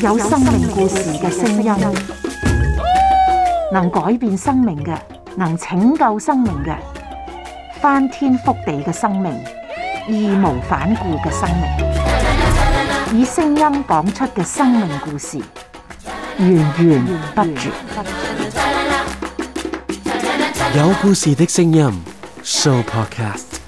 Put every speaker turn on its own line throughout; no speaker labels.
有生命故事嘅聲音，能改變生命嘅，能拯救生命嘅，翻天覆地嘅生命，義無反顧嘅生命，以聲音講出嘅生命故事，源源不絕。有故
事嘅聲音，Show Podcast。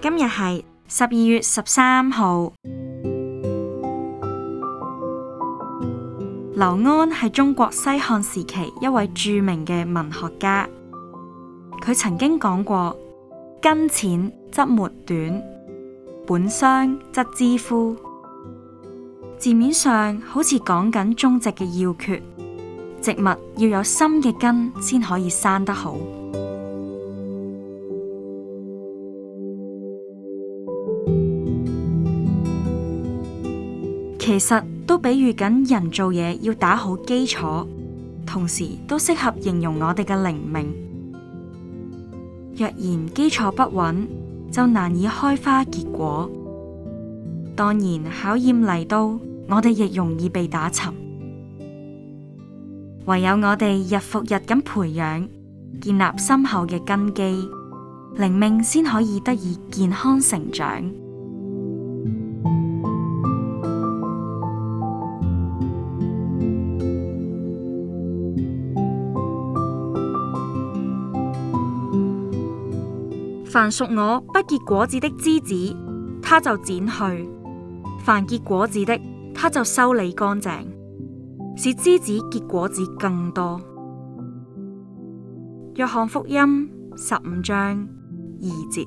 今日係十二月十三號。劉安係中國西漢時期一位著名嘅文學家，佢曾經講過：根淺則末短，本傷則枝枯」。字面上好似講緊種植嘅要訣，植物要有深嘅根先可以生得好。其實都比喻緊人做嘢要打好基礎，同時都適合形容我哋嘅靈命。若然基礎不穩，就難以開花結果。當然，考驗嚟到，我哋亦容易被打沉。唯有我哋日復日咁培養，建立深厚嘅根基，靈命先可以得以健康成長。凡屬我不結果子的枝子，他就剪去；凡結果子的，他就修理乾淨，使枝子結果子更多。約翰福音十五章二節。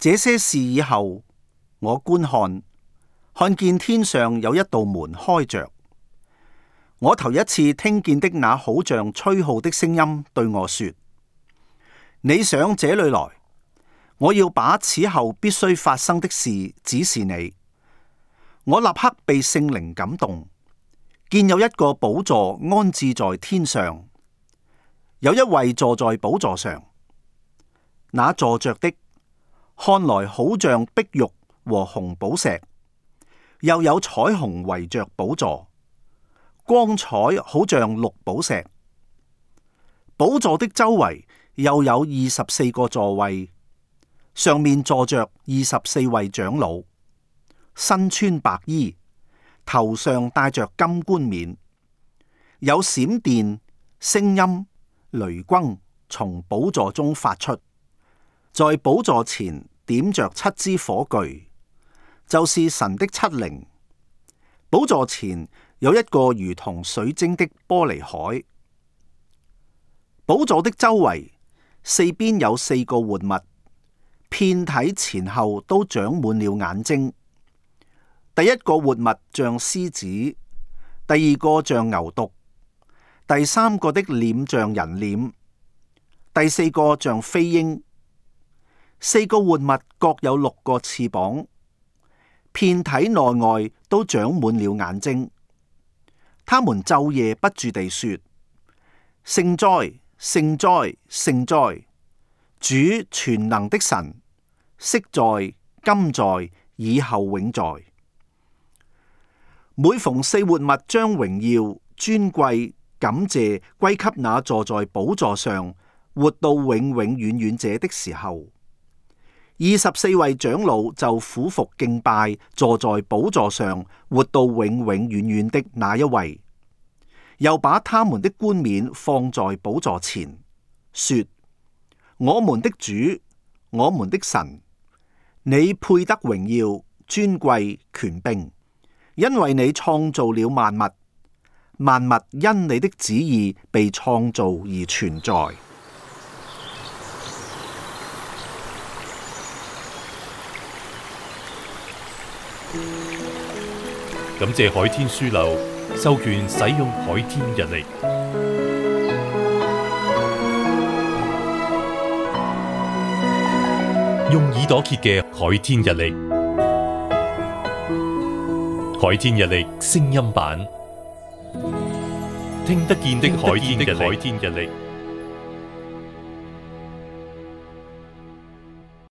這些事以後，我觀看，看見天上有一道門開着。我頭一次聽見的那好像吹號的聲音對我說：你上這裏來，我要把此後必須發生的事指示你。我立刻被聖靈感動，見有一個寶座安置在天上，有一位坐在寶座上，那坐着的。看來好像碧玉和紅寶石，又有彩虹圍着寶座，光彩好像綠寶石。寶座的周圍又有二十四個座位，上面坐着二十四位長老，身穿白衣，頭上戴着金冠冕，有閃電、聲音、雷轟從寶座中發出，在寶座前。點着七支火炬，就是神的七靈。寶座前有一個如同水晶的玻璃海。寶座的周圍四邊有四個活物，遍體前後都長滿了眼睛。第一個活物像獅子，第二個像牛犢，第三個的臉像人臉，第四個像飛鷹。四個活物各有六個翅膀，遍體內外都長滿了眼睛。他們晝夜不住地說：聖哉！聖哉！聖哉！主全能的神，昔在，今在，以後永在。每逢四活物將榮耀、尊貴、感謝歸給那坐在寶座上、活到永永遠遠者的時候，二十四位長老就俯伏敬拜，坐在寶座上，活到永永遠遠的那一位，又把他們的冠冕放在寶座前，說：我們的主，我們的神，你配得榮耀、尊貴、權柄，因為你創造了萬物，萬物因你的旨意被創造而存在。
感謝海天書樓授權使用海天日曆，用耳朵揭嘅海天日曆。《海天日曆》聲音版，聽得見的海天日曆。